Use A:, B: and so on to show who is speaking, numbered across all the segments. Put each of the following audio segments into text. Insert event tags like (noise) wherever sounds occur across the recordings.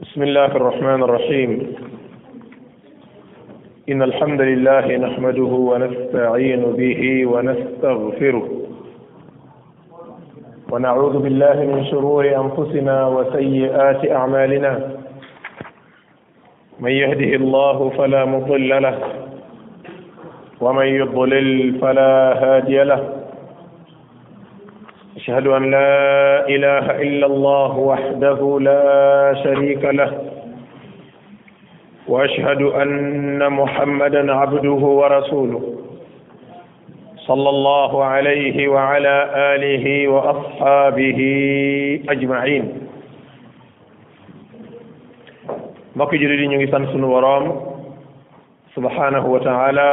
A: بسم الله الرحمن الرحيم إن الحمد لله نحمده ونستعين به ونستغفره ونعوذ بالله من شرور أنفسنا وسيئات أعمالنا من يهده الله فلا مضل له ومن يضلل فلا هادي له أشهد أن لا إله إلا الله وحده لا شريك له وأشهد أن محمدا عبده ورسوله صلى الله عليه وعلى آله وأصحابه أجمعين مكي جريدي نيغي ñu ngi sant sunu boroom subhanahu wa taala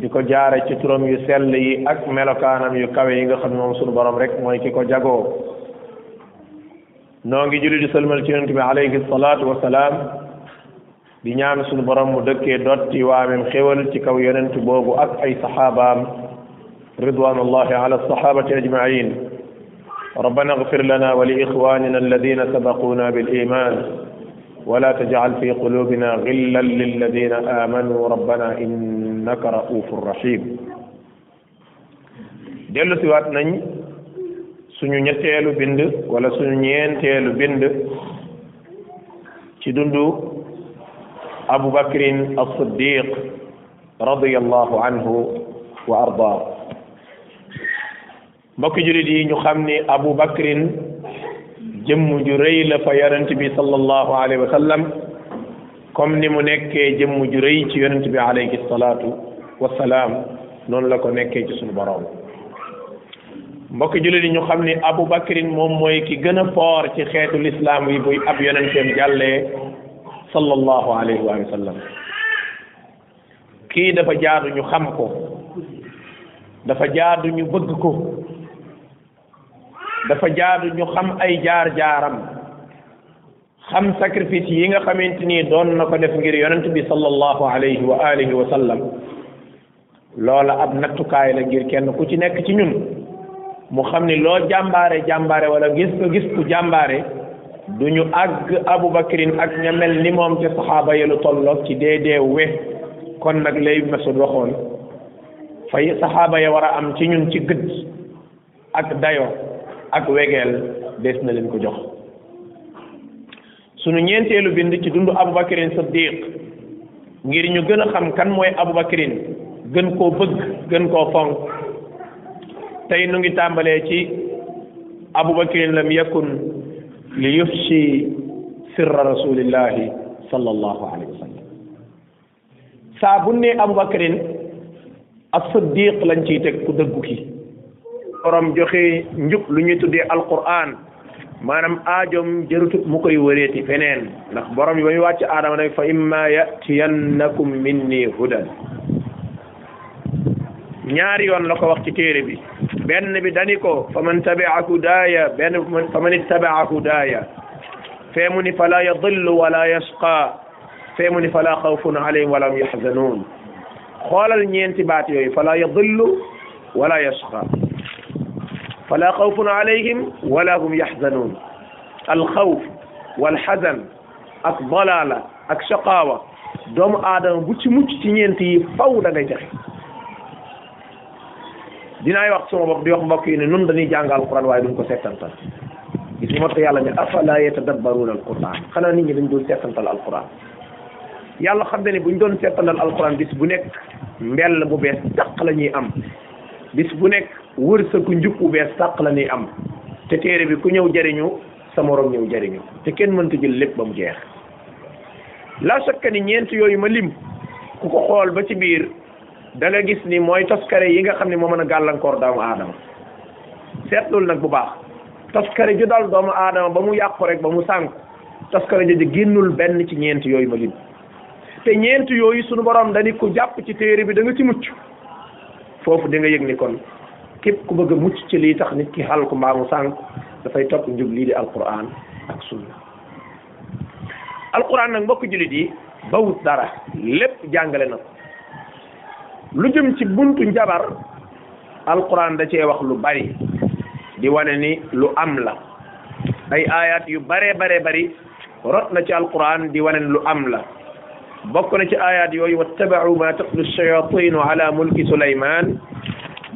A: diko jaare ci turam yu sell yi ak melokaanam yu kawe yi nga xam ne moom sunu borom rek mooy ki ko jagoo noo ngi julli di salmal ci yonente bi alayhi salaatu wasalaam di ñaan sunu borom mu dëkkee dotti waamem xéwal ci kaw yonent boobu ak ay saxaabaam ridwanullahi ala sahabati ajmain ربنا اغفر لنا ولإخواننا الذين سبقونا بالإيمان ولا تجعل في قلوبنا غلا للذين آمنوا ربنا إن innaka raufur rahim dellu siwaat nañ suñu ñetteelu bind wala suñu ñeenteelu bind ci dundu abu bakrin as-siddiq radiyallahu anhu wa ardaa mbokki julit yi ñu xam ni abu bakrin jëmm ju rëy la fa yarant bi sallallahu alayhi wa sallam comme ni mu nekkee jëmm ju rëy ci yonent bi alayhi salaatu wasalaam noonu la ko nekkee ci suñu boroom mbokki jullit ñu xam ni Abu Bakrin moom mooy ki gën a foor ci xeetu lislaam yi buy ab yonenteem jàllee sallallahu alayhi wa kii dafa jaadu ñu xam ko dafa jaadu ñu bëgg ko dafa jaadu ñu xam ay jaar-jaaram xam sacrifice yi nga xamante ni doon na ko def ngir yonent bi sallallahu alayhi wa alihi wa sallam loola ab nattukaay la ngir kenn ku ci nekk ci ñun mu xam ni loo jàmbaare jàmbaare wala gis ko gis ku jàmbaare du ñu àgg bakrin ak ña mel ni moom ca saxaaba ya lu tolloog ci deedee we kon nag lay masud waxoon fay saxaaba ya war a am ci ñun ci gëdd ak dayo ak wegeel des na leen ko jox sunu ñeenteelu bind ci dundu Aboubacarin Siddiq ngir ñu gën a xam kan mooy Aboubacarin gën koo bëgg gën koo fonk tey nu ngi tàmbalee ci Aboubacarin lam yakun li yufshi sirra rasulillahi sallallahu alayhi wa sallam saa bu ne Aboubacarin as-Siddiq lañ ciy teg ku dëggu ki joxe njub lu ñuy tuddee Alqur'an. manam aajoom jërutut mu koy wëreeti feneen ndax borom yi ba muy wàcc aadama nag fa imma yatiyannakum minni hudan ñaari yoon la ko wax ci téere bi benn bi dani ko fa man tabia hudaya benn fa man ittabaa fala yadillu wala yasqa fee mu fala xawfun alayhim wa hum yaxzanuun xoolal ñeenti baat yooyu fala yadillu wala yasqa fala xawfun alayhim wala hum yaxzanuun alxawf walxazan ak dalaala ak shaqaawa doomu aadama bu ci mucc ci ñeent yi faw da ngay jaxe dinaay wax suma bopp di wax mbokk yi ne nun dañuy jàng alquran waaye duñ ko settantal gis nga moo tax yàlla ne afala yatadabbaruuna alquran xanaa nit ñi dañ doon settantal alquran yàlla xam ne ne buñ doon settantal alquran bis bu nekk mbell bu bees taq la ñuy am bis bu nekk sa wërsëgu njub bu bees sàq la ñuy am te téere bi ku ñëw jariñu sa moroom ñëw jariñu te kenn mënta jël lépp ba mu jeex la sakka ni ñeent yooyu ma lim ku ko xool ba ci biir da gis ni mooy toskare yi nga xam ne moo mën a gàllankoor doomu aadama seetlul nag bu baax toskare ju dal doomu aadama ba mu yàqu rek ba mu sànk toskare jooju génnul benn ci ñeenti yooyu ma lim te ñeent yooyu sunu borom dañi ko jàpp ci téere bi danga ci mucc foofu di nga yëg ni képp ku bëgg a mucc ci lii tax nit ki xal ko mbaamu sànq dafay topp njub lii di alquran ak sunna alquran nag mbokk jullit yi bawut dara lépp jàngale na lu jëm ci buntu njabar alquran da cee lu bari di wane ni lu am la ay ayat yu bare bare bari rot na ci alquran di wane ni lu am la bokk na ci ayat yooyu wattabau ma tatlu shayatin ala mulki suleyman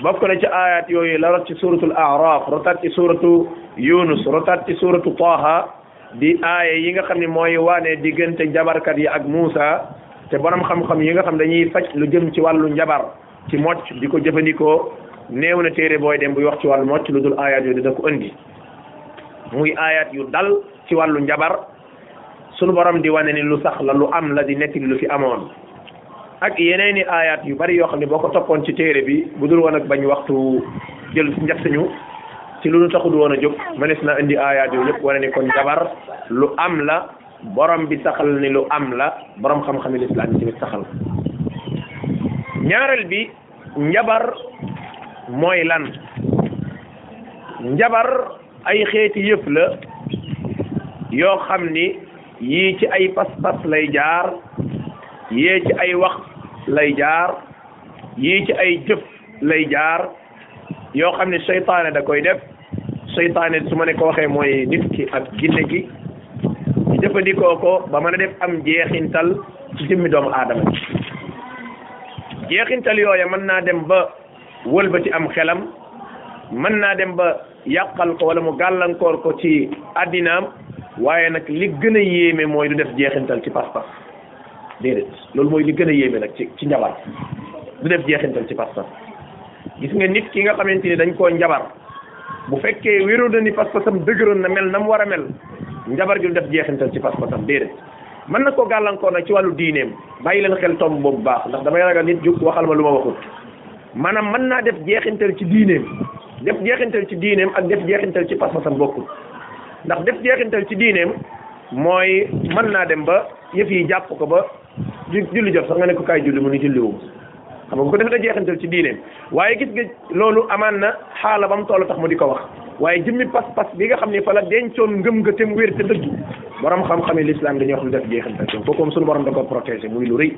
A: bokk na ci ayat yooyu la rot ci suratul araf rotat ci suratu yunus rotat ci suratu taha di aaya yi nga xam ne mooy waane diggante njabarkat yi ak Muusa te borom xam-xam yi nga xam dañuy faj lu jëm ci wàllu njabar ci mocc di ko jëfandikoo néew na téere booy dem buy wax ci wàllu mocc lu dul ayat yooyu dina ko indi muy ayat yu dal ci wàllu njabar sunu borom di wane ni lu sax la lu am la di nekk lu fi amoon ak yeneen i aayaat yu bari yoo xam ne boo ko toppoon ci téere bi bu dul woon ak bañ waxtu jël njëkk ci lu nu taxul woon a jóg mënees na indi aayaat yooyu lépp wane ni kon jabar lu am la boroom bi saxal ni lu am la boroom xam-xami lislaam yi tamit saxal ñaareel bi njabar mooy lan njabar ay xeeti yëf la yoo xam ni yii ci ay pas-pas lay jaar yee ci ay wax lay jaar yii ci ay jëf lay jaar yoo xam ne seytaane da koy def seytaane su ma ne ko waxee mooy nit ki ak ginne gi ñu jëfandikoo ko ba mën a def am jeexintal ci jëmmi doomu aadama jeexintal yooya mën naa dem ba wëlbati am xelam mën naa dem ba yàqal ko wala mu gàllankoor ko ci addinaam waaye nag li gën a yéeme mooy du def jeexintal ci pas-pas déedéet loolu mooy li gën a yéeme nag ci ci njabar du def jeexintal ci pas gis nga nit ki nga xamante ni dañ koo njabar bu fekkee wéeru na ni pas-pasam dëgëroon na mel na mu war a mel njabar gi du def jeexintal ci pas-pasam déedéet mën na ko gàllankoor nag ci wàllu diineem bàyyi leen xel tomb boobu baax ndax damay ragal nit jóg waxal ma lu ma waxut maanaam mën naa def jeexintal ci diineem def jeexintal ci diineem ak def jeexintal ci pas-pasam bokkul ndax def jeexintal ci diineem mooy mën naa dem ba yëf yi jàpp ko ba julli jot sax nga ne ko kaay julli mu ni julliwoo xam nga ko def na jeexantal ci diineem waaye gis nga loolu amaan na xaala ba mu toll tax mu di ko wax waaye jëmmi pas-pas bi nga xam ne fa la dencoon ngëm nga te mu wér te dëgg borom xam-xame l'islam dañuy wax lu def jeexantal ci kooku moom suñu borom da ko protégé muy lu rëy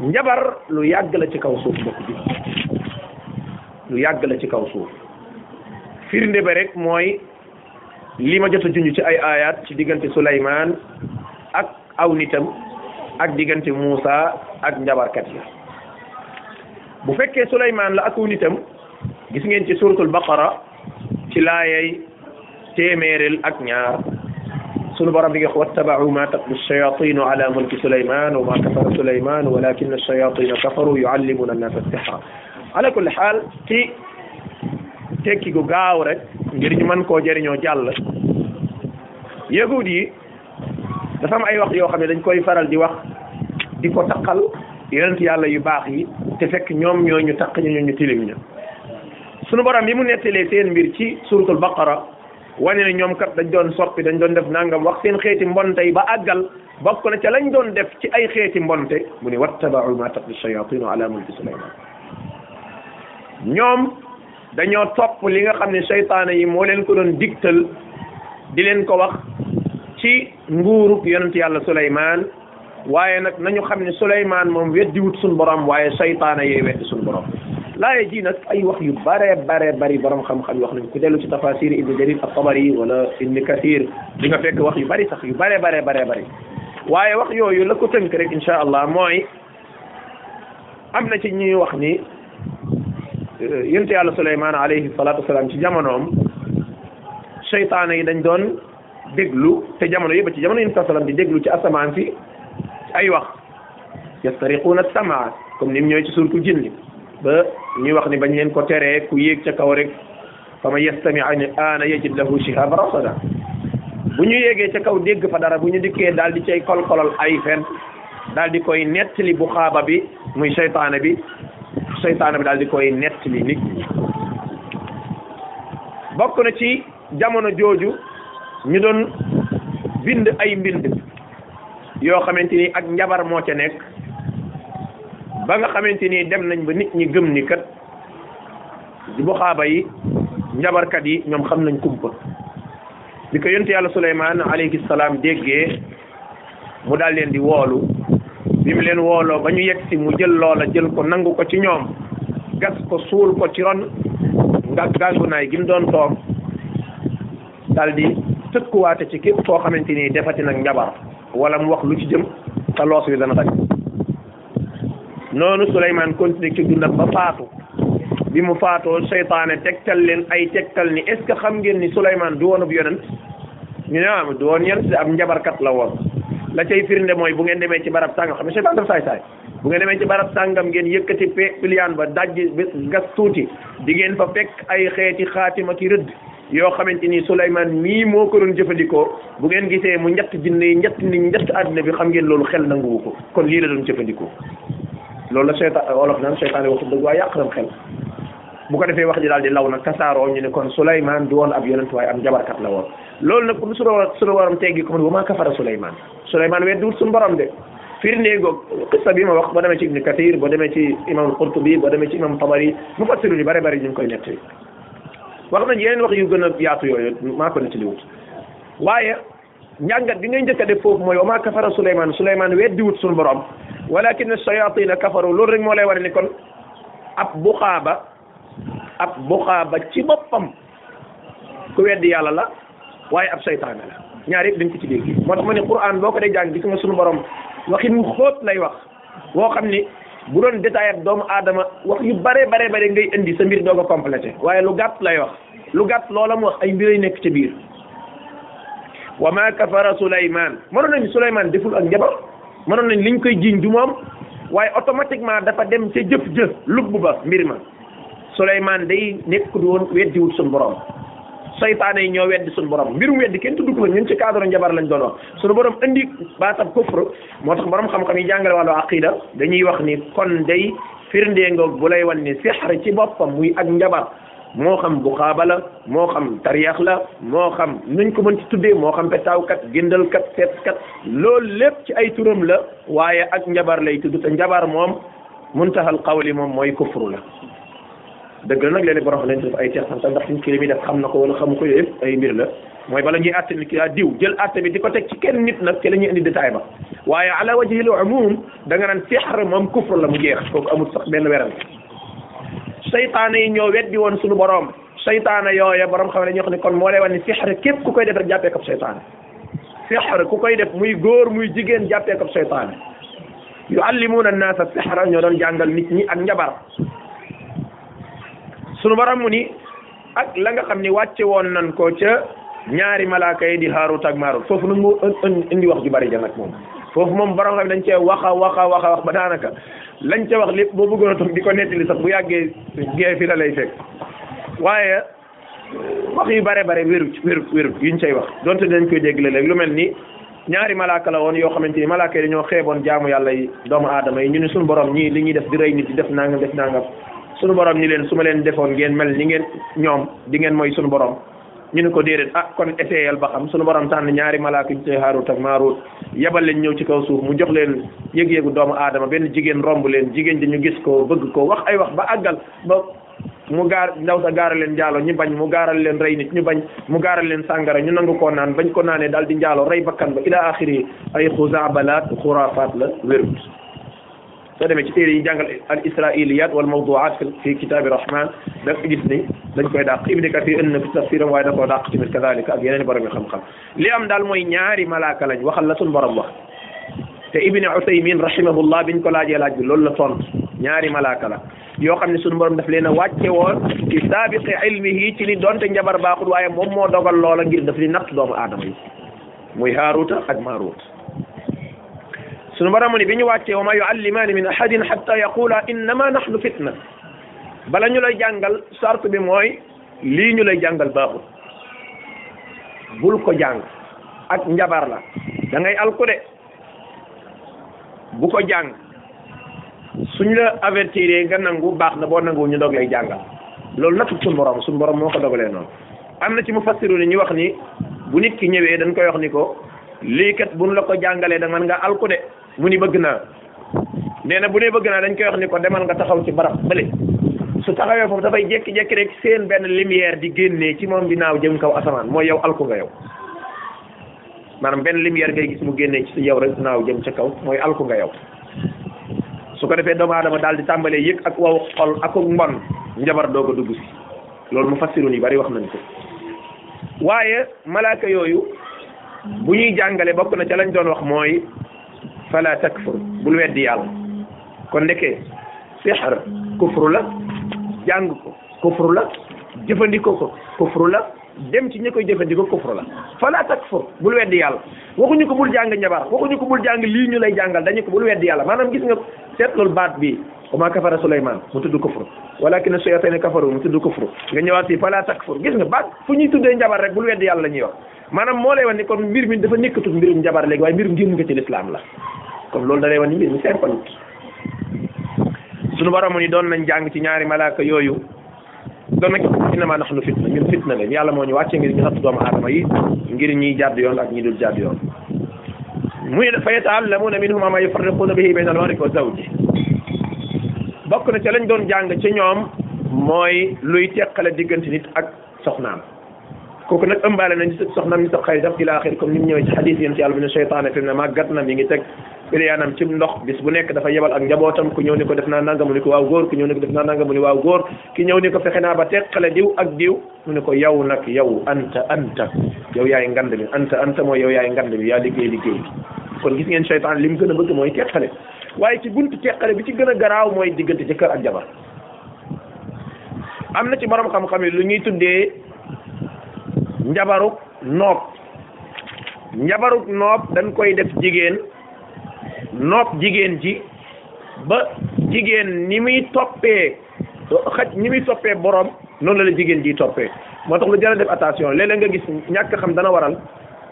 A: njabar lu yàgg la ci kaw suuf mbokk ji lu yàgg la ci kaw suuf firnde mooy lii ma jot a ci ay ayat ci diggante Souleymane ak aw nitam ak diggante Muusa ak njabarkat yi bu fekkee Suleymaan la ak nitam gis ngeen ci suuratul baqara ci laayay téeméeril ak ñaar sunu borom bi nga wax wattabaau ma tatlu shayaatinu ala mulki Suleymaan wa ma kafara Suleymaan walakina shayaatina kafaru yuallimuna annaasa sihra ala kulli xaal ci tekki gu gaaw rek ngir ñu mën koo jëriñoo jàll yahud yi dafa am ay wax yoo xam ne dañ koy faral di wax di ko taqal yonent yàlla yu baax yi te fekk ñoom ñoo ñu taq ñu ñu tilim ñu sunu borom bi mu nettalee seen mbir ci suratul baqara wane ne ñoom kat dañ doon soppi dañ doon def nangam wax seen xeeti mbonte yi ba àggal bokk na ca lañ doon def ci ay xeeti mbonte mu ne wattabaau ma taqdi shayatinu ala mulki dañoo topp li nga xam ne seytaane yi moo leen ko doon digtal di leen ko wax ci nguurub yonent yàlla Souleymane waaye nag nañu xam ne Souleymane moom weddiwut suñ borom waaye saytaana yee weddi suñ borom laaya ji nag ay wax yu bare bare bari borom xam-xam wax nañ ku dellu ci tafasir ibn jarir at-tabari wala ibn kathir li nga fekk wax yu bari sax yu bare bare bare bari waaye wax yooyu la ko tënk rek insha allah mooy am na ci ñuy wax ni yonent yàlla Souleymane alayhi salatu wasalaam ci jamonoom saytaana déglu te jamono yëpp ci jamono yi sa salaam di déglu ci asamaan si ay wax yastariquuna samaa comme ni mu ñëwee ci suurtu jinni ba ñuy wax ni bañ leen ko teree ku yéeg ca kaw rek fa ma yastami ana yajid lahu shihab rasada bu ñu yéegee ca kaw dégg fa dara bu ñu dikkee daal di cay kolkolol ay fen daal di koy nettali bu xaaba bi muy seytaane bi seytaane bi daal di koy nettali nit ci jamono jooju ñu doon bind ay mbind yoo xamante ni ak njabar moo ca nekk ba nga xamante ni dem nañ ba nit ñi gëm ni kat buxaaba yi njabarkat yi ñoom xam nañ kumpa bi ko yonte yàlla Suleymaan alayhi salaam déggee mu daal leen di woolu bi mu leen wooloo ba ñu yegg si mu jël loola jël ko nangu ko ci ñoom gas ko suul ko ci ron nga gàngunaay gi mu doon toog daal tëkkuwaate ci képp koo xamante ni defati nag njabar wala mu wax lu ci jëm te loos wi dana dagg noonu Souleymane continué ci dundam ba faatu bi mu faatoo seytaane tegtal leen ay tegtal ni est ce que xam ngeen ni Souleymane du woon ab yonent ñu ne ah du woon yonent ab njabarkat la woon la cay firnde mooy bu ngeen demee ci barab sàngam xam ne seytaan daf saay saay bu ngeen demee ci barab sàngam ngeen yëkkati pe piliyaan ba dajji gas tuuti di ngeen fa fekk ay xeeti xaatima ki rëdd. yoo xamante ni Souleymane mii moo ko doon jëfandikoo bu ngeen gisee mu ñett jinne yi ñett nit ñett àddina bi xam ngeen loolu xel nanguwu ko kon lii la doon jëfandikoo loolu la seytaan olof naan seytaane waxu dëgg waaye yàq na xel bu ko defee wax ji daal di law nag tasaaroo ñu ne kon Souleymane du woon ab yonent waaye am jabarkat la woon loolu nag pour suñu war suñu waram teggi ko man wa maa kafara Souleymane Souleymane weddiwul suñu borom de firndee goog qissa bi ma wax boo demee ci Ibn Kathir demee ci imam Qurtubi boo demee ci imam Tabari mu bare bare ñu koy nettali wax nañ yeneen wax yu gën a yaatu yooyu maa ko ci waaye njàngat bi ngay njëkk a def foofu mooy wa maa kafara Souleymane Souleymane weddiwut suñu borom walakin shayatina kafaru loolu rek moo lay war ni kon ab buxaaba ab buxaaba ci boppam ku weddi yàlla la waaye ab saytaane la ñaar yëpp dañ ko ci dégg moo tax ma ne Qur'an boo ko dee jàng gis nga suñu borom waxin mu xóot lay wax woo xam ni bu doon détaillé doomu aadama wax yu bare bare bare ngay indi sa mbir doo ko complété waaye lu gàtt lay wax lu gàtt loola mu wax ay mbir ay nekk ca biir wa ma kafara Souleymane mënoon nañ Souleymane deful ak njabar mënoon nañ liñ koy jiiñ du moom waaye automatiquement dafa dem ca jëf jëf lubb ba mbir ma Souleymane day nekkul woon weddiwul suñu borom saytaane yi ñoo weddi suñu borom mbirum weddi kenn tudd ko fa ñun ci cadre njabar lañ doon wax suñu borom indi baatab kufr moo tax borom xam-xam yi jàngale wàllu aqida dañuy wax ni kon day firndee ngoog bu lay wan ni sixar ci boppam muy ak njabar moo xam buxaaba la moo xam tariyax la moo xam nuñ ko mën ci tuddee moo xam petaawkat gindalkat seetkat lool lépp ci ay turam la waaye ak njabar lay tudd te njabar moom muntahal qawli moom mooy kufru la dëgg la nag léeg-léeg borom lañ def ay teexantal ndax suñ kii mi def xam na ko wala xamu ko yooyu yëpp ay mbir la mooy bala ñuy àtte ni ki daa diw jël àtte bi di ko teg ci kenn nit nag ci la ñuy indi détail ba waaye ala wajhil umum da nga naan sixar moom kufr la mu jeex kooku amul sax benn weral seytaane yi ñoo weddi woon suñu borom seytaane yooya borom xam ne dañuy wax ni kon moo lay wan ni sixar képp ku koy def rek jàppee ko seytaane sixar ku koy def muy góor muy jigéen jàppee ko seytaane yuallimuuna annaasa sixra ñoo doon jàngal nit ñi ak njabar sunu borom mu ni ak la nga xam ni wàcce woon nan ko ca ñaari malaaka yi di Haarut ak Maarut foofu nag moo indi wax ju bari ja nag moom foofu moom borom xam dañ cee waxa waxa waxa wax ba daanaka lañ ca wax lépp boo bëggoona a toog di ko nettali sax bu yàggee gee fi la lay fekk waaye euh, wax yu bare bare wérut wérut wérut yuñ cay wax donte dañ koy dégg léeg lu mel ni ñaari malaaka la woon yoo xamante ni malaaka yi dañoo xeeboon jaamu yàlla yi doomu yi ñu ne suñu borom ñii li ñuy def di rey nit di def nangam def nangam sunu boroom ni leen su ma leen defoon ngeen mel ni ngeen ñoom di ngeen mooy sunu borom ñu ne ko déedéet ah kon essayal ba xam suñu borom tànn ñaari malaaka ñu Haarut ak Maaruut yebal leen ñëw ci kaw suuf mu jox leen yëg-yëgu doomu aadama benn jigéen romb leen jigéen ji ñu gis ko bëgg ko wax ay wax ba àggal ba mu gaar ndaw sa gaaral leen njaalo ñu bañ mu gaaral leen rey nit ñu bañ mu gaaral leen sàngara ñu nangu koo naan bañ ko naanee daal di njaalo rey bakkan ba ila axiri ay xusaabalaat xuraafaat la soo demee ci téere yi jàngal al israiliyat wal mawduat fi kitaabi rahman da nga gis ni dañ koy dàq ibni kathir ënd na fi tafsiram waaye da koo dàq tamit kadalika ak yeneen borom yi xam-xam li am daal mooy ñaari malaaka lañ waxal la sun borom wax te ibni usaymin rahimahullah biñ ko laajee laaj bi loolu la tontu ñaari malaaka la yoo xam ne sunu borom daf leen a wàcce woon ci saabiqi ilmihi ci li donte njabar baaxut waaye moom moo dogal loola ngir daf li natt doomu aadama yi muy haaruta ak maaruta sunu borom mu ni bi ñu wàccee wa ma yuallimaani min ahadin hatta yaqula innama nahnu fitna bala ñu lay jàngal sart bi mooy lii ñu lay jàngal baaxul bul ko jàng ak njabar la dangay ngay bu ko jàng suñ la avertiré nga nangu baax na boo nangu ñu doog lay jàngal loolu nattu suñu borom suñu borom moo ko dogalee noonu am na ci mu fassiru ni ñu wax ni bu nit ki ñëwee dañ koy wax ni ko lii kat buñ la ko jàngalee da man nga alku mu ni bëgg naa nee na bu dee bëgg naa dañ koy wax ni ko demal nga taxaw ci barab bële su taxawee foofu dafay jékki-jékki rek seen benn lumière di génnee ci moom bi naaw jëm kaw asamaan mooy yow alku nga yow maanaam benn lumière ngay gis mu génnee ci yow rek naaw jëm ca kaw mooy alku nga yow su ko defee doomu aadama daal di tàmbalee yëg ak waw xol ak mbon njabar doog a dugg si loolu mu fassiru ni bari wax nañ ko waaye malaaka yooyu bu ñuy jàngale bokk na ca doon wax mooy takk takfur bul weddi yàlla kon ndeke sixar kufru la jàng ko kufru la jëfandikoo ko la dem ci ñi koy jëfandikoo kufru la fala takfur bul weddi yàlla waxuñu ko bul jàng njabar waxuñu ko bul jàng lii ñu lay jàngal dañu ko bul weddi yàlla maanaam gis nga seetlul baat bi wa ma kafara Souleymane mu tudd kufru walakin ne kafaru mu tudd kufru nga ñëwaat fii fala takfur gis nga baat fu ñuy tuddee njabar rek bul weddi yàlla la ñuy wax maanaam moo lay wax ni kon mbir mi dafa nekkatul mbirum njabar léegi waaye mbirum génn kon loolu da lay wan ni mbir mi simple suñu borom ni doon nañ jàng ci ñaari malaaka yooyu doon na innama nahnu fitna ñun fitna leen yàlla moo ñu wàcce ngir ñu natt doomu aadama yi ngir ñiy jàdd yoon ak ñi dul jàdd yoon muy fa yata'allamuna minhuma ma a bihi bayna al-mar'i wa zawji bokk na ca lañ doon jàng ci ñoom mooy luy teqale diggante nit ak soxnaam kooku nag ëmbaale nañ soxnaam ñu sax xaritam ila axir comme ni mu ñëwee ci xadis yéen ci yàlla bi ne seytaane fi mu ne màggat na mi ngi teg iliyaanam dafa yebal ni ko def naa nanga mu ni ko waaw góor ku ñëw ni ko def naa nanga mu ni waaw góor ki ñëw ni ko fexe ba teqale diw ak mu ni ko yow yaa liggéey mu gën a bëgg mooy teqale waaye ci a am na ci borom xam-xam yi lu ñuy tuddee njabaruk noob njabaruk noob dañ koy def jigéen noob jigéen ji ba jigéen ni muy toppee xaj ni muy toppee borom noonu la jigéen ji toppee moo tax lu jar a def attention léeg-léeg nga gis ñàkk xam dana waral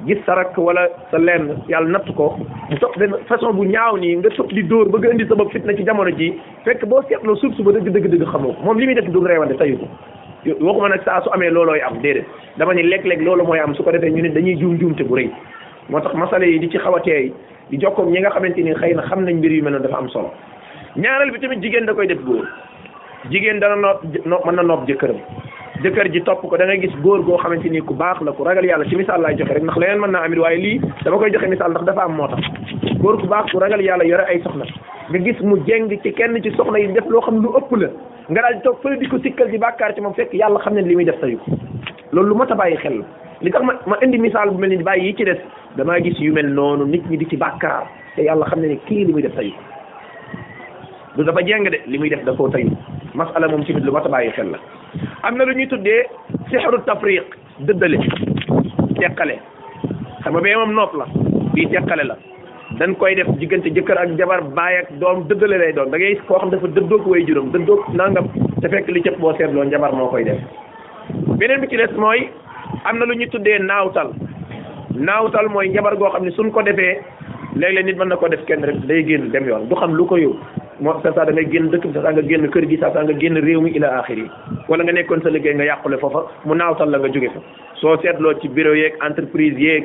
A: gis sa rakk wala sa lenn yàlla natt ko mu topp benn façon bu ñaaw nii nga topp di dóor bëgg indi sa bopp fitna ci jamono ji fekk boo seetloo suuf suba dëgg dëgg dëgg xamoo moom li muy def du réewante ko waxuma nag saa su amee loolooy am déedéet dama ni léeg-léeg loolu mooy am su ko defee ñu ne dañuy juum juumte bu rëy moo tax masale yi di ci xaw a teey di jokkoog ñi nga xamante ni xëy na xam nañ mbir yu mel noonu dafa am solo ñaareel bi tamit jigéen da koy def góor jigéen dana nopp mën na nopp jëkkëram jëkkër ji topp ko da gis góor goo xamante ni ku baax la ku ragal yàlla ci misaal laay joxe rek ndax leneen mën naa amit waaye lii dama koy joxe misaal ndax dafa am moo tax baax ragal yàlla yore ay soxna nga gis mu jeng ci kenn ci soxna yi loo xam lu ëpp la nga daal di toog fële di ko sikkal di bàkkaar ci moom fekk yàlla xam ne li muy def sayu loolu lu mat a bàyyi xel li tax ma ma indi misaal bu mel ni bàyyi yi ci des damaa gis yu mel noonu nit ñi di ci bàkkaar te yàlla xam ne ne kii li muy def sayu du dafa jeng de li muy def da koo tayu masala moom tamit lu mat a bàyyi xel la am na lu ñuy tuddee sixru tafriq dëddale teqale xam nga bee moom nopp la bii teqale la dañ koy def diggante jëkkër ak jabar baay ak doom dëddale lay doon da ngay koo xam dafa dëddoog way juróom dëddoog nangam te fekk li cëpp boo seetloo njabar moo koy def beneen bi ci des mooy am na lu ñu tuddee naawtal naawtal mooy njabar goo xam ne suñ ko defee léeg-léeg nit mën na ko def kenn rek day génn dem yoon du xam lu ko yóbbu moo sa saa da ngay génn dëkk bi sa saa nga génn kër gi sa saa nga génn réew mi ila axiri yi wala nga nekkoon sa liggéey nga yàqule foofa mu naawtal la nga jóge fa soo seetloo ci bureau yeeg entreprise yeeg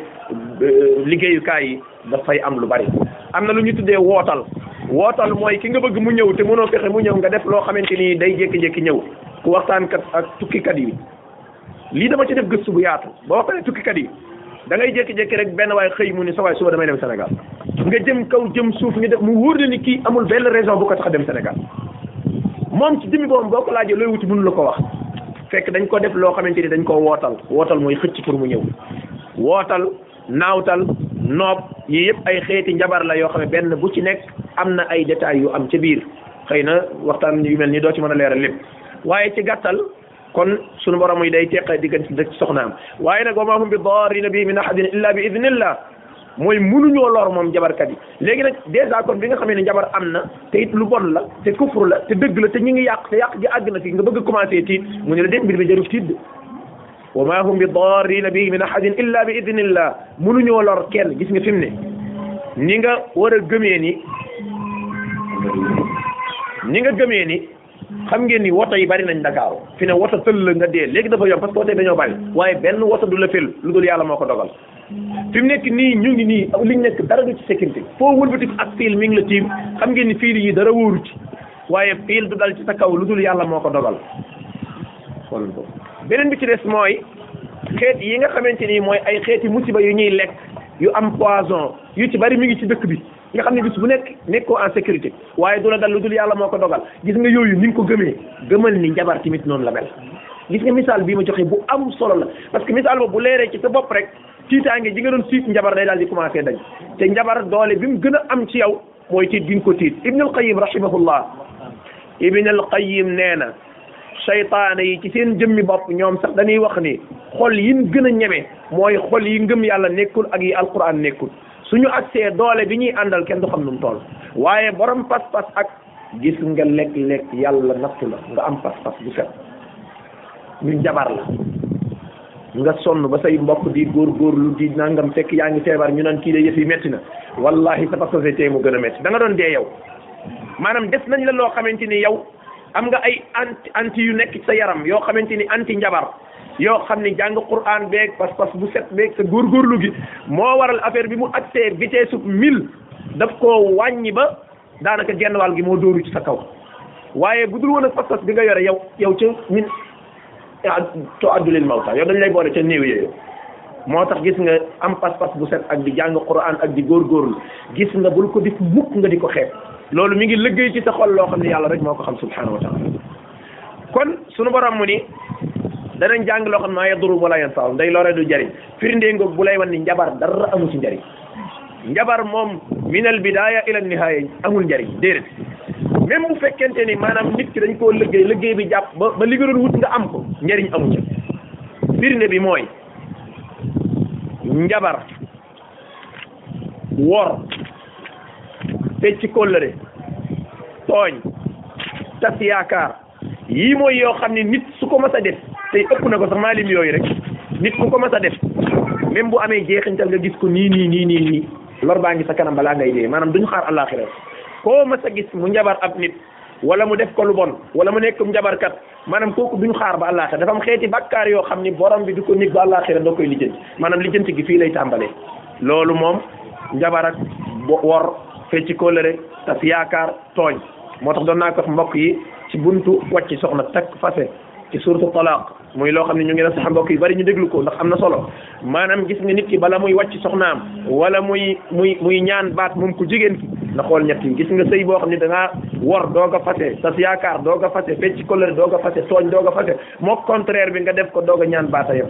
A: euh, liggéeyukaay yi dafay am lu bari am na lu ñu tuddee wootal wootal mooy ki nga bëgg mu ñëw te mënoo fexe mu ñëw nga def loo xamante ni day jékki-jékki ñëw ku waxtaankat ak tukkikat yi lii dama ci def gëstu bu yaatu ba waxtaanee tukkikat yi da ngay jékki-jékki rek benn waay xëy mu ni sa waay suba damay dem nga jëm kaw jëm suuf ñu def mu wóor la ni kii amul benn raison bu ko tax dem Sénégal moom ci jëmi boom boo ko laajee looy wuti mënu la ko wax fekk dañ ko def loo xamante ni dañ ko wootal wootal mooy xëcc pour mu ñëw wootal naawtal noob yi yëpp ay xeeti njabar la yoo xam ne benn bu ci nekk am na ay détails yu am ca biir xëy na waxtaan yu mel ni doo ci mën a leeral lépp waaye ci gàttal kon sunu borom yi day teqee diggante dëkk soxnaam waaye nag wa ma hum bi daarina bi min ahadin illa bi idnillah mooy mënuñoo lor moom njabarkat yi léegi nag dèjà kon bi nga xamee ne njabar am na te it lu bon la te kufru la te dëgg la te ñi ngi yàq te yàq gi àgg na fi nga bëgg commencé tiit mu ne la déet mbir mi jarul tiit wa ma hum bi darrina bi min ahadin illa bi idnillah mënuñoo lor kenn gis nga fi ne ni nga war a gëmee ni ni nga gëmee ni xam ngeen ni woto yi bari nañ Dakar fi ne woto fël la nga dee léegi dafa yomb parce que woto yi dañoo bari waaye benn woto du la fël lu dul yàlla moo ko dogal fi mu nekk nii ñu ngi nii liñ nekk dara du ci sécurité foo wëlbatiku ak fiil mi ngi la tiim xam ngeen ni fiil yi dara wóoru ci waaye fiil du dal ci sa kaw lu dul yàlla moo ko dogal kon beneen bi ci des mooy xeet yi nga xamante ni mooy ay xeeti musiba yu ñuy lekk yu am poison yu ci bari mi ngi ci dëkk bi nga xam ne bis bu nekk nekkoo en sécurité waaye du la dal lu dul moo ko dogal gis nga yooyu ni nga ko gëmee gëmal ni njabar tamit noonu la mel gis nga misaal bii ma joxe bu am solo la parce que misaal boobu bu leere ci sa bopp rek tiitaange ji nga doon siit njabar day daal di commencé dañ te njabar doole bi mu gën a am ci yow mooy tiit gi nga ko tiit ibnul qayim rahimahullah ibnul qayim nee na saytaane yi ci seen jëmmi bopp ñoom sax dañuy wax ni xol yi gën a ñeme mooy xol yi ngëm yàlla nekkul ak yi alquran nekkul su suñu agsee doole bi ñuy àndal kenn du xam nu mu toll waaye borom pas-pas ak gis nga lekk-lekk yàlla nattu la nga am pas-pas bu set ñu jabar la nga sonn ba say mbokk di lu di nangam fekk yaa ngi feebar ñu naan kii de yëf yi métti na wallahi sa pas-pas tey mu gën a métti da doon dee yow maanaam def nañ la loo xamante ni yow am nga ay anti anti yu nekk sa yaram yoo xamante ni anti njabar yoo xam ne jàng Qur'an beeg pas-pas bu set beeg sa góorgóorlu gi moo waral affaire bi mu àttee vitesse su mille daf koo wàññi ba daanaka genn wàll gi moo dóoru ci sa kaw waaye bu dul woon ak pas-pas bi nga yore yow yow ca min to addulil mawta yow dañ lay boole ca néew yooyu moo tax gis nga am pas-pas bu set ak di jàng Qur'an ak di góorgóorlu gis nga bul ko def mukk nga di ko xeeb loolu mu ngi liggéey ci sa xol loo xam ne yàlla rek moo ko xam subhanahu wa taala danañ jàng loo xam maa yaduru wala yanfa'u day lore du jariñ firndee ngoog bu lay wan ni njabar dara amu ci njariñ njabar moom minal bidaaya ila nihaaya amul njariñ déedéet même bu fekkente ni maanaam nit ki dañ koo liggéey liggéey bi jàpp ba ba li nga wut nga am ko njariñ amu ci firnde bi mooy njabar wor fecc kóllëre tooñ tas yaakaar yii mooy yoo xam ne nit su ko mas a def tey ëpp na ko sax maa lim yooyu rek nit ku ko mas a def même bu amee jeexintal nga gis ko nii nii nii nii nii baa ngi sa kanam balaa ngay dee maanaam duñu xaar àllaaxira koo mas a gis mu njabar ab nit wala mu def ko lu bon wala mu nekk njabarkat maanaam kooku duñu xaar ba àllaaxira xeeti bàkkaar yoo xam ni borom bi du ko nit ba àllaaxira doo koy lijjanti maanaam lijjanti gi fii lay tàmbalee loolu moom njabar ak wor fecci kóllëre tas yaakaar tooñ moo tax doon naa ko mbokk yi ci buntu wàcc soxna takk fase ci suuratu talaaq muy loo xam ne ñu ngi a sax mbokk yu bari ñu déglu ko ndax am na solo maanaam gis nga nit ki bala muy wàcc soxnaam wala muy muy muy ñaan baat moom ku jigéen ki na xool ñett yi gis nga sëy boo xam ne da ngaa wor doog a fase tas yaakaar doog a fase fecc colère doog a fase tooñ doog a fase moo contraire bi nga def ko doog a ñaan baata yow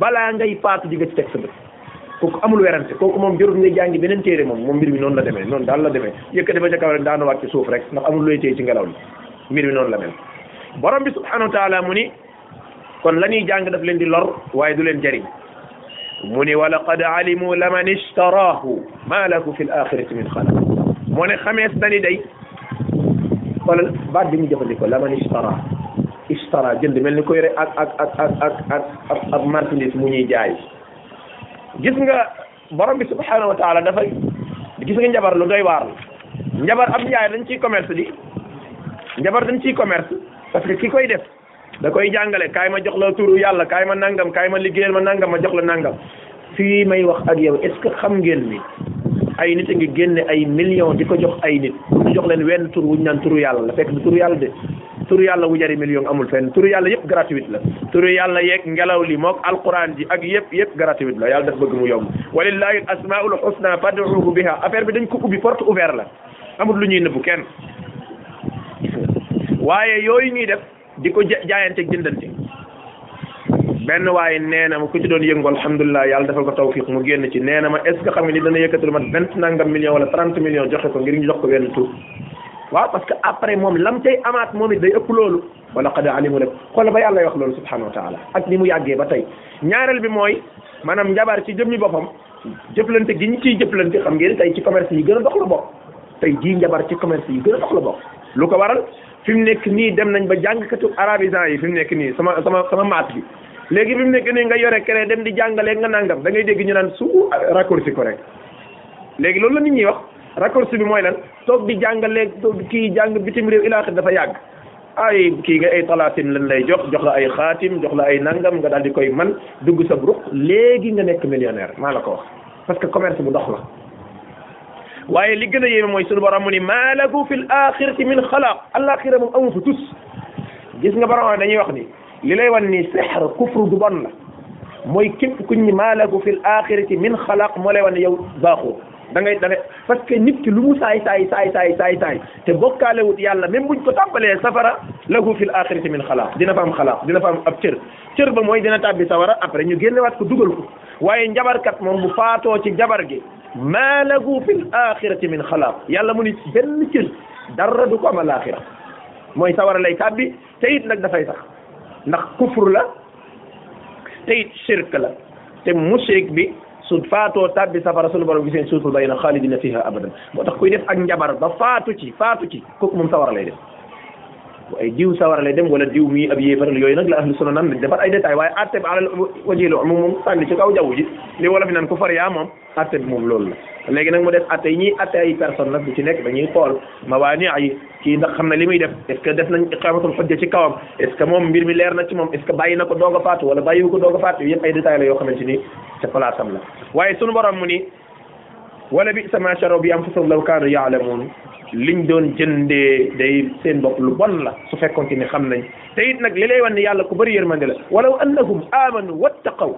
A: balaa ngay paatu ji nga ci texte bi kooku amul werante kooku moom jarul ngay jàngi beneen téere la demee noonu la demee yëkkati ba ca kaw rek daanu wàcc ci suuf rek noonu la mel borom bi subhanahu wa taala mu ni kon la ñuy jàng daf leen di lor waaye du leen jariñ mu ni wa laqad alimu laman istaraahu ma lahu fi l axirati min xalaq moo ne xamees dani day xoolal baat bi ñu jëfandikoo laman istara istara jënd mel ni ko yore ak ak ak ak ak ak ak ak marchandise mu ñuy jaay gis nga borom bi subhanahu wa taala dafa gis nga njabar lu doy waar njabar am njaay dañ ciy commerce di njabar dañ ciy commerce parce que ki koy def da koy jàngale kaay ma jox la turu yàlla kaay ma nangam kaay ma liggéeyal ma nangam ma jox la nangam fii may wax ak yow est-ce que xam ngeen ni ay nit a ngi génne ay millions di ko jox ay nit ñu jox leen wenn tur wuñ naan turu yàlla la fekk du turu yàlla de turu yàlla wu jari million amul fen turu yàlla yëpp gratuit la turu yàlla yeeg ngelaw li mook alquran ji ak yëpp yëpp gratuit la yàlla def bëgg mu yomb walillahi al asmaul husna fad'uhu biha affaire bi dañ ko ubbi porte ouverte la amul lu ñuy nëbbu kenn waaye yooyu ñuy def di ko jaayante jëndante benn waaye nee na ma ku ci doon yëngu alhamdulilah yàlla defal ko tawfiq mu génn ci nee na ma est ce que xam nga ni dana yëkkati lu mat vingt nangam million wala trente million joxe ko ngir ñu jox ko wenn tur waaw parce que moom lam tey amaat moom it day ëpp loolu wala qad alimu rek xoolal ba yàlla wax loolu subhanahu wa ak ni mu yàggee ba tey ñaareel bi mooy maanaam njabar ci jëmmi boppam jëflante gi ñu ciy jëflante xam ngeen tey ci commerce yi gën a dox la bokk tey jii njabar ci yi gën a dox la bokk fi mu nekk nii dem nañ ba jàngkatu arabisant yi fi mu nekk nii sama sama sama maat bi léegi fi mu nekk nii nga yore keneen dem di jàngale nga nangam da ngay dégg ñu naan su raccourci ko rek léegi loolu la nit ñi wax raccourci bi mooy lan toog di jàngale kii jàng bitim réew ilaaxir dafa yàgg ay kii nga ay talaatin lan lay jox jox la ay xaatim jox la ay nangam nga daal di koy man dugg sa ruq léegi nga nekk millionnaire maa la ko wax parce que commerce bu dox la waye li gëna a moy sunu borom ni malaku fil akhirati min khalaq al alaxira moom amu fa tus gis nga borom dañuy wax ni li lay wone ni sihr kufru du bon la moy képp kuñ ni malaku fil akhirati min khalaq mo lay wone yow baxu da ngay da parce que nit ki lu mu say say say say say say te bokale wut yàlla même buñ ko tambalé safara lahu fil akhirati min khalaq dina fa am xalaq dina fa am ab cër cër ba moy dina tàbbi sawara après ñu wat ko duggal ko waye njabar kat mom bu faato ci jabar gi ma lahu fil axirati min xalaaq yàlla mu ni benn cër dara du ko amal laaxira mooy sawara lay tàbbi te it nag dafay sax ndax kufru la te it shirk la te mushrik bi su faatoo tàbbi safara sunu borom giseen suutul bayna xaalidina fiha abadan moo tax kuy def ak njabar ba faatu ci faatu ci kooku moom sawara lay def ay diw sawara lay dem wala diw mii ab yéefar yooyu nag la ahlu sunna nan defar ay waaye atte bi alal wajilu moom moom ci kaw jaww ji li wala fi nan ku far moom atte moom loolu la léegi nag mu des atte yi atte ay personne nag bu ci nekk dañuy xool mawaani yi kii ndax xam na li muy def est ce que def nañ iqamatul ci kawam est moom mbir mi leer na ci moom est ce que bàyyi na ko doog a faatu wala bàyyiwu ko doog a faatu yëpp ay détails la yoo xamante ni ca place wala bi sama charo bi am fasal law kaanu yaalamuun liñ doon jëndee day seen bopp lu bon la su fekkonte ni xam nañ te it nag li lay wan ne yàlla ku bëri yërmande la walaw annahum amanu wattaqaw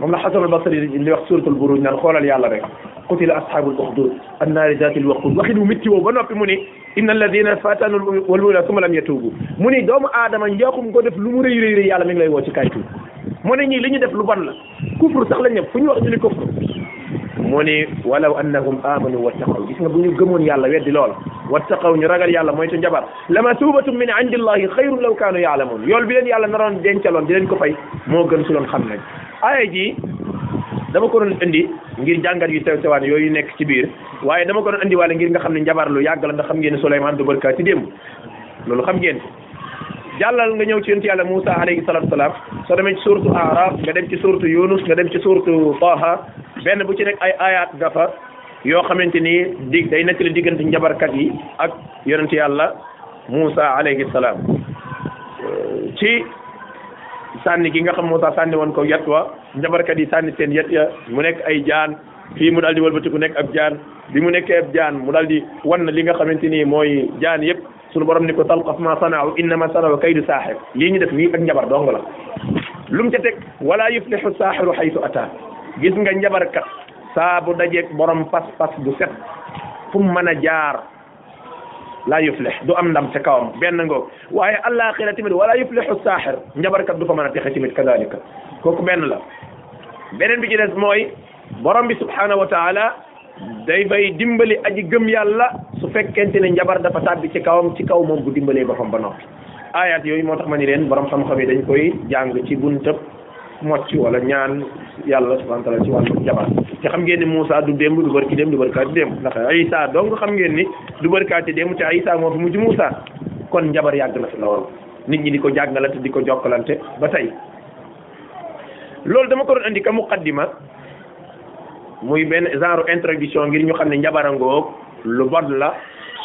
A: moom la xasan albasri di wax suratul buruj naan xoolal yàlla rek qutila ashabul uxdud annaari zatil waqud waxin wu métti woow ba noppi mu ni inna alladina fatanu walula suma lam yatuubu mu ni doomu aadama njaaxum ko def lu mu rëy rëy rëy yàlla mi ngi lay woo ci kaay tuub mu ne ñii def lu bon la kufru sax lañ ñëpp fu ñu wax ni kufru mu ni walaw annahum amanu wattaqaw gis nga bu ñu gëmoon yàlla weddi lool wattaqaw ñu ragal yàlla mooy tu njabar la masubatun min indillahi xayrun law kaanu yaalamuun yool bi leen yàlla dencaloon di ko fay moo gën loon xam nañ aaya ji dama ko noon indi ngir jàngat yu sew sewaan yooyu nekk ci biir waaye dama ko doon indi wala ngir nga xam ne njabar lu yàgg la ndax xam ngeen Souleymane du barka ci démb loolu xam ngeen jàllal nga ñëw ci yonent yàlla Moussa alayhi salaatu salaam soo demee ci suurtu Araf nga dem ci suurtu Yunus nga dem ci suurtu Taha benn bu ci rek ay ayaat nga yoo xamante ni dig day nettali diggante njabarkat yi ak yonent yàlla Moussa alayhi salaam ci sànni gi nga xam Moussa sànni woon ko yat wa njabarkat yi sànni seen yat mu nekk ay jaan fii mu daal di wëlbatiku nekk ab jaan bi mu nekkee ab jaan mu daal di wan li nga xamante ni mooy jaan yëpp. suñu borom ni ko talqaf ma sanaaw innama sanaaw kaydu saaxir lii ñu def nii ak njabar dong la lu mu ca teg wala yuflihu saaxiru xaytu ata gis nga njabarkat saa bu dajeeg borom pas-pas bu set fu mu mën a jaar laa yuflih du am ndam ca kawam benn ngoog waaye allaaxira tamit wala yuflihu saaxir njabarkat du fa mën a texe tamit kadalika kooku benn la beneen bi ci des mooy borom bi subhanahu wa taala day bay dimbali aji gëm yàlla su fekkente ne njabar dafa tàbbi ci kawam ci kaw moom bu dimbalee boppam ba noppi aayaat yooyu moo tax ma ni leen boroom xam-xam yi dañ koy jàng ci buntab mocc wala ñaan yàlla subhanahu wa ci wàllu njabar te xam ngeen ni Moussa du démb du barki démb du barkaati démb ndax Isa donc xam ngeen ni du barkaati démb te Isa moo bu mujj musaa kon njabar yàgg na fi lool nit ñi di ko jàngalante di ko jokkalante ba tey loolu dama ko doon andi muy benn genre introduction ngir ñu xam ne njabarangoog lu bon la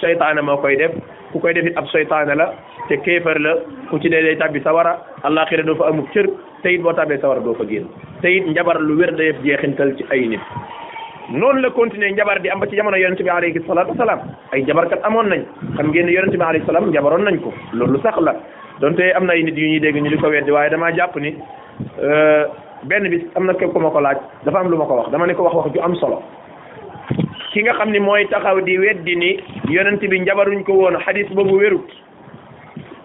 A: seytaane moo koy def ku koy def ab seytaane la te kéefar la ku ci dee day tabbi sawara àllaaxira doo fa amuk cër te it boo tabbee sawara doo fa génn te it njabar lu wér day def jeexintal ci ay nit noonu la continuer njabar di am ba ci jamono yonente bi alayhi salaatu wasalaam ay njabarkat amoon nañ xam ngeen ne yonente bi alayhi salaam njabaroon nañ ko loolu sax la donte am na ay nit yu ñuy dégg ko weddi waaye damaa jàpp ni euh, benn bi am na képp ku ma ko laaj dafa am lu ma ko wax dama ne ko wax wax ju am solo ki nga xam ni mooy taxaw di weddi ni yonent bi njabaruñ ko woon xadis boobu wérut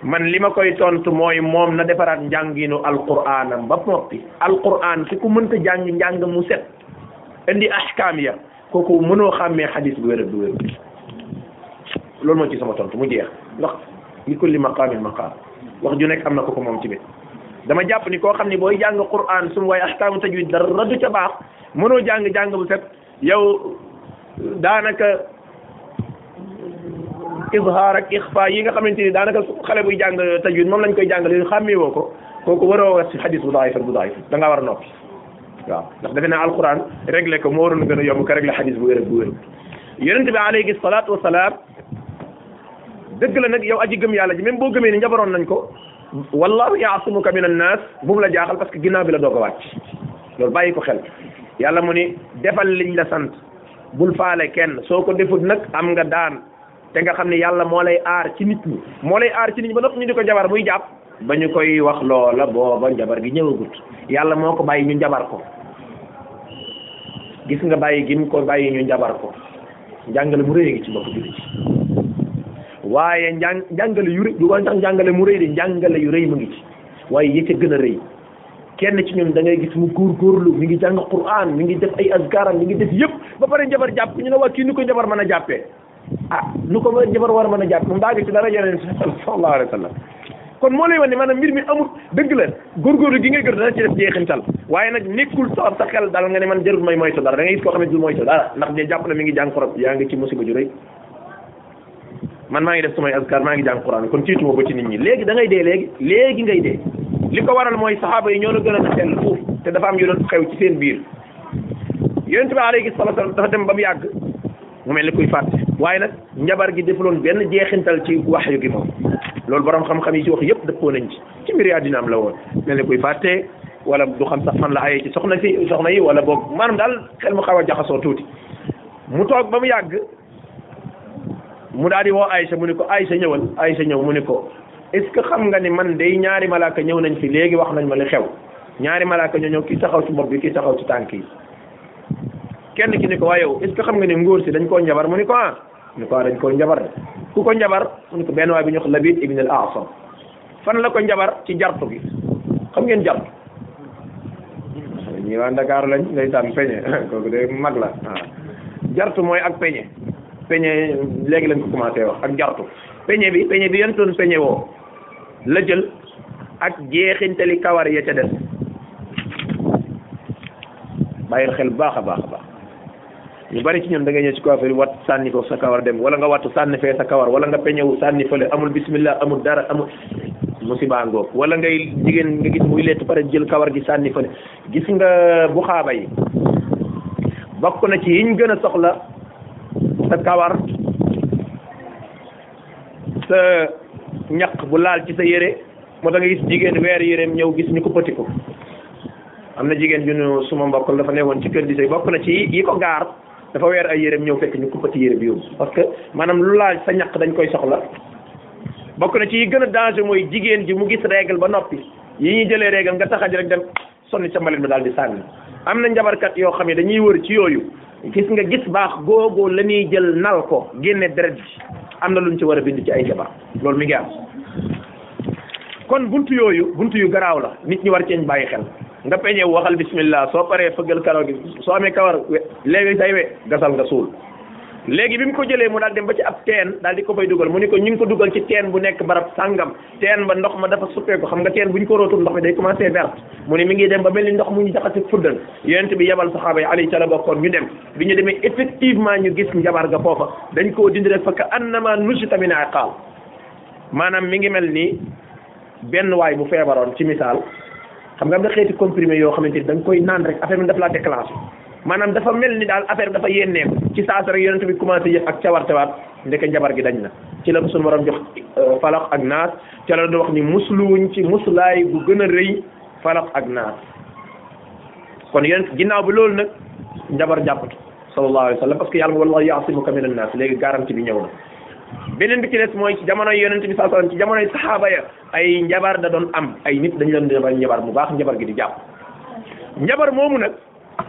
A: man li ma koy tontu mooy moom na defaraat njànginu alquraanam ba noppi alquraan su ko mënta jàng njàng mu set indi ahkaam ya kooku mënoo xàmmee xadis bu wérat du wérut loolu moo ci sama tontu mu jeex ndax li kulli maqaamin maqaam wax ju nekk am na ko ko moom ci bét dama jàpp ni koo xam ne booy jàng Qur'an su ma waaye ahkaamu tajwid dara du ca baax mënoo jàng jàng bu set yow daanaka izhaar ak ixfa yi nga xamante ni daanaka xale buy jàng tajwid moom lañ koy jàngal yooyu xàmmee woo ko kooku waroo wax ci xadis bu daif ak bu daif da ngaa war a noppi waaw ndax defe naa alquran réglé ko moo waroon gën a yomb ko réglé xadis bu wér ak bu wér yonent bi alayhi salaatu wasalaam dëgg la nag yow aji gëm yàlla ji même boo gëmee ni njabaroon nañ ko wallahu yaasumuka min annas bu mu la jaaxal parce que ginnaaw bi la doog a wàcc loolu bàyyi ko xel yàlla mu ni defal liñ la sant bul faale kenn soo ko defut nag am nga daan te nga xam ne yàlla moo lay aar ci nit ñi moo lay aar ci nit ñi ba noppi ñu di ko jabar muy jàpp ba ñu koy wax loola booba jabar gi ñëwagut yàlla moo ko bàyyi ñu njabar ko gis nga bàyyi gim ko bàyyi ñu jabar ko njàngale bu rëy gi ci mbokk jullit ci waaye njàng njàngale yu rëy njàngale mu rëy de njàngale yu rëy mu ngi ci waaye yëcca gën a rëy kenn ci ñoom dangay gis mu góor góorgóorlu mu ngi jàng Qur'an mi ngi def ay azkaram mi ngi def yëpp ba pare jabar jàpp ñu ne waa kii ni ko njabar mën a jàppee ah nu ko njabar war mën a jàpp moom daa ngi ci mbir mi amul dëgg la góorgóorlu gi ngay gër dana ci def jeexintal waaye nekkul sa sa xel daal nga ne man jarul may moytu dara da ngay gis koo xam ne du moytu dara ndax de jàpp na mi ngi jàng xorob yaa ngi ci musiba ju man maa ngi def samay azkar maa ngi jàng quran kon tiituma ko ci nit ñi léegi da ngay dee léegi léegi ngay dee li ko waral mooy saxaaba yi ñoo la gën a sell fuuf te dafa am yu doon xew ci seen biir yonent bi alayhi salaatu salaam dafa dem ba mu yàgg mu mel ni kuy fàtte waaye nag njabar gi defaloon benn jeexintal ci waxyu gi moom loolu borom xam-xam yi ci wax yëpp dëppoo nañ ci ci mbir àddina am la woon mel ni kuy fàtte wala du xam sax fan la ayee ci soxna si soxna yi wala boobu maanaam daal xel mu xaw a jaxasoo tuuti mu daal di woo Aysa mu ni ko Aysa ñëwal Aysa ñëw mu ni ko est-ce que xam nga ni man day ñaari malaaka ñëw nañ fi léegi wax nañ ma li xew ñaari malaaka ñoo ñëw kii taxaw ci bopp bi kii taxaw ci tànk yi kenn ki ni ko waa yow est-ce xam nga ni ngóor si dañ koo njabar mu ni ko ah mu ni ko ah dañ koo njabar ku ko njabar mu ni ko benn waay bi ñu wax Labid ibn al-A'sam fan la ko njabar ci jartu gi xam ngeen jartu ñii waa Ndakaaru lañ ndeysaan peñe (laughs) kooku de mag la waaw mooy ak peñe peñe léegi lañ ko commencé wax ak jartu peñe bi peñe bi yan doon peñe woo la jël ak jeexintali kawar ya ca des bàyyil xel baax a baax a baax ñu bari ci ñoom dangay ngay ñëw ci coiffeur yi wat sànni ko sa kawar dem wala nga wattu sànni fee sa kawar wala nga peñewu sànni fële amul bismillah amul dara amul musiba ngoog wala ngay jigéen nga gis muy lett pare jël kawar gi sànni fële gis nga bu xaaba yi bokk na ci yiñ gën a soxla sa kawar sa ñaq bu laal ci sa yére moo tax nga gis jigéen weer yéreem ñëw gis ñu ko pëti ko am na jigéen ju nu suma mbokk dafa newoon ci kër di sey bokk na ci yi ko gaar dafa weer ay yéreem ñëw fekk ñu ko yére bi yóbbu parce que maanaam lu laal sa ñaq dañ koy soxla bokk na ci yi gën a danger mooy jigéen ji mu gis règle ba noppi yi ñu jëlee règle nga taxaj rek dem sonni ca bi daal di sànni am na njabarkat yoo xam ne dañuy wër ci yooyu gis nga gis baax googoo lañuy jël nal ko génne deret bi am na lu ñu ci war a bind ci ay njabar loolu mi ngi am kon buntu yooyu buntu yu garaaw la nit ñi war ceeñ bàyyi xel nga peñew waxal bismillah soo paree fëggal karaw gi soo amee kawar leegi say we gasal nga suul léegi bi mu ko jëlee mu daal dem ba ci ab teen daal di ko fay dugal mu ni ko ñu ngi ko dugal ci teen bu nekk barab sàngam teen ba ndox ma dafa suppeeku xam nga teen bu ñu ko rootul ndox mi day commencé vert mu ni mi ngi dem ba mel ni ndox mu ñu jaxase fuddal yonent bi yabal saxaaba yi alayhi salaam bokkoon ñu dem bi ñu demee effectivement ñu gis njabar ga foofa dañ koo dindi rek fa ka annama nusita naa aqaal maanaam mi ngi mel ni benn waay bu feebaroon ci misaal xam nga am na xeeti comprimé yoo xamante ni da koy naan rek affaire bi daf laa déclenché maanaam dafa mel ni daal affaire bi dafa yenneeku ci saas rek yonent bi commencé yëf ak cawartewaat ndeke njabar gi dañ na ci la suñu borom jox euh, falaq ak naas ci la doon wax ni musluwuñ ci muslaay bu gën a rëy falaq ak naas kon yonent ginnaaw bi loolu nag njabar jàppatu sallallahu alayhi wa sallam parce que yàlla wallahu yaasimuka min an naas léegi garantie bi ñëw na beneen bi ci des mooy ci jamonoy yonent bi sallallahu ci jamonoy saxaaba ya ay njabar da doon am ay nit dañu leen di njabar njabar baax njabar gi di jàpp nag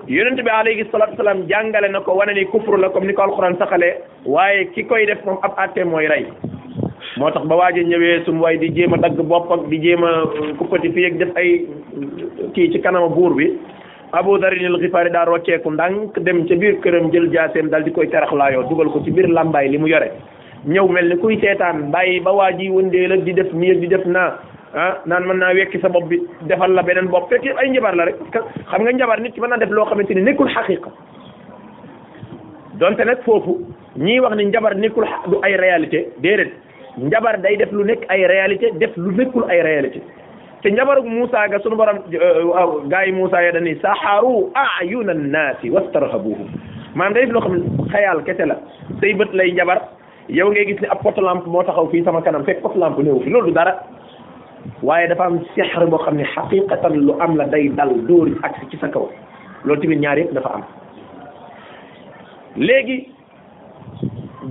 A: yonent bi alayhi salaatu salaam jàngale na ko wane ni kufru la comme ni ko alxuraan saxalee waaye ki koy def moom ab àtte mooy rey moo tax ba waaje ñëwee sum way di jéem a dagg bopp di jéem a euh, kuppati fii ak def ay euh, kii ci kanama buur bi Abu Darin al-Ghifari daa rocceeku ndànk dem ca biir këram jël jaaseem dal di koy teraxlaayoo dugal ko ci biir làmbaay li mu yore ñëw mel ni kuy seetaan bàyyi ba waa ji wëndeel di def nii ak di def naa ah naan mën naa wekki sa bopp bi defal la beneen bopp fekk ay njabar la rek parce que xam nga njabar nit ki mën naa def loo xamante ni nekkul xaqiqa donte nag foofu ñii wax ni njabar nekkul du ay réalité déedéet njabar day def lu nekk ay réalité def lu nekkul ay réalité te njabarug Moussa ga sunu borom euh, gaa yi Moussa ya dañuy saxaaru ayunan naasi wastarhabuhum maanaam day def loo xam ne xayaal kese la say bët lay njabar yow ngay gis ni ab poteau lampe moo taxaw fii sama kanam fekk poteau lampe du dara. waaye dafa am sexar boo xam ne xaqiqatan lu am la day dal dóor ak ci sa kaw loolu tamit ñaar yëpp dafa am léegi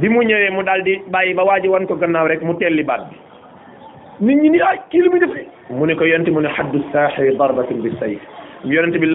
A: bi mu ñëwee mu daal di bàyyi ba waaji wan ko gannaaw rek mu telli baat bi nit ñi ni ah kii lu muy def mu ne ko yonent mu ne xaddu saaxiri darbatun bi sayf yonent bi